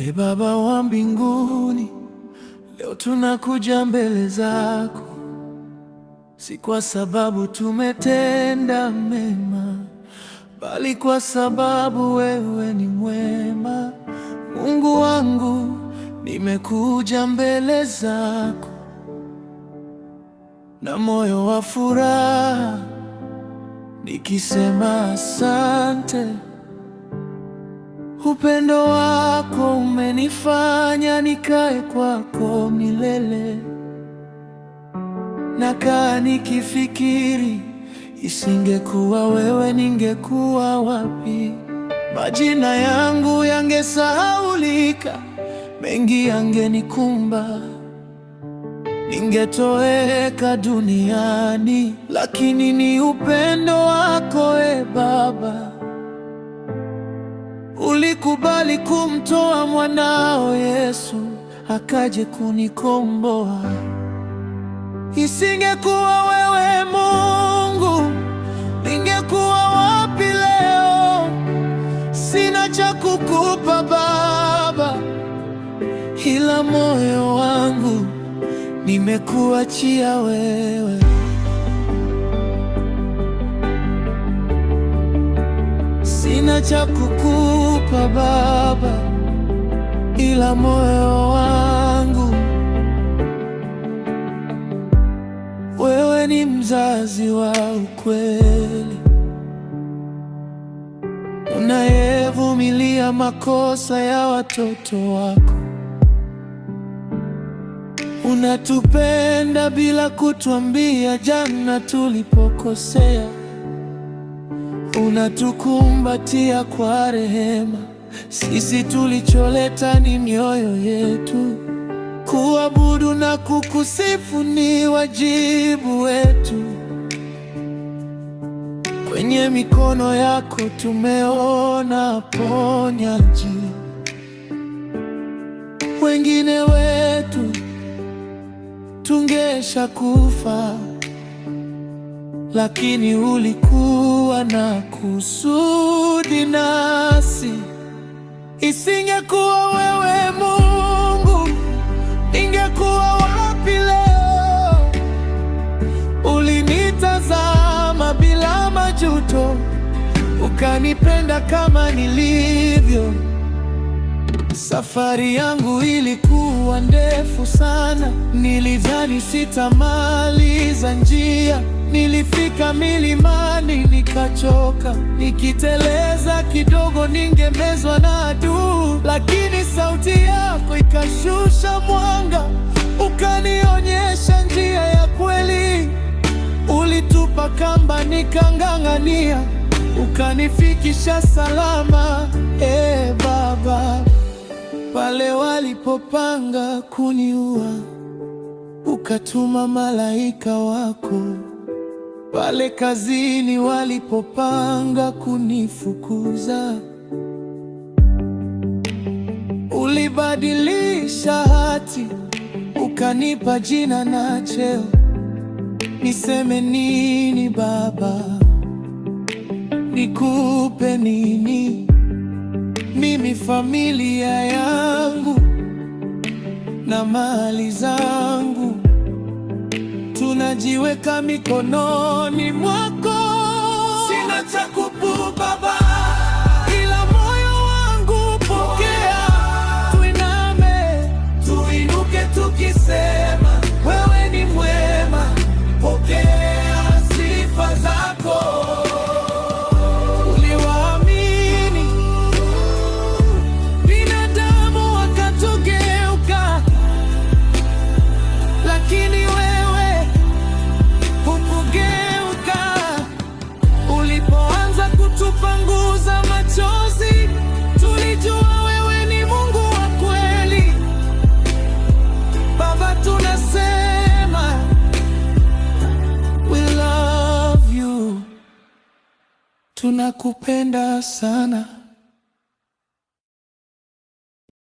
e Baba wa mbinguni, leo tunakuja mbele zako, si kwa sababu tumetenda mema, bali kwa sababu wewe ni mwema. Mungu wangu, nimekuja mbele zako na moyo wa furaha nikisema asante. Upendo wako umenifanya nikae kwako milele, nakaa nikifikiri, isingekuwa wewe ningekuwa wapi? Majina yangu yangesahaulika, mengi yangenikumba, ningetoweka duniani, lakini ni upendo wako e Baba ulikubali kumtoa mwanao Yesu akaje kunikomboa. Isingekuwa wewe Mungu, ningekuwa wapi leo? Sina cha kukupa Baba, ila moyo wangu nimekuachia wewe. Sina cha kukupa Baba, ila moyo wangu. Wewe ni mzazi wa ukweli, unayevumilia makosa ya watoto wako. Unatupenda bila kutuambia jana tulipokosea unatukumbatia kwa rehema. Sisi tulicholeta ni mioyo yetu, kuabudu na kukusifu ni wajibu wetu. Kwenye mikono yako tumeona ponyaji, wengine wetu tungesha kufa lakini ulikuwa na kusudi nasi. Isingekuwa wewe Mungu, ningekuwa wapi leo? Ulinitazama bila majuto, ukanipenda kama nilivyo. Safari yangu ilikuwa ndefu sana, nilidhani sitamaliza njia Nilifika milimani nikachoka, nikiteleza kidogo ningemezwa na aduu, lakini sauti yako ikashusha mwanga, ukanionyesha njia ya kweli. Ulitupa kamba nikang'ang'ania, ukanifikisha salama. E Baba, pale walipopanga kuniua, ukatuma malaika wako pale kazini walipopanga kunifukuza, ulibadilisha hati ukanipa jina na cheo. Niseme nini baba, nikupe nini? Mimi familia yangu na mali zangu najiweka mikononi mwako. tunakupenda sana.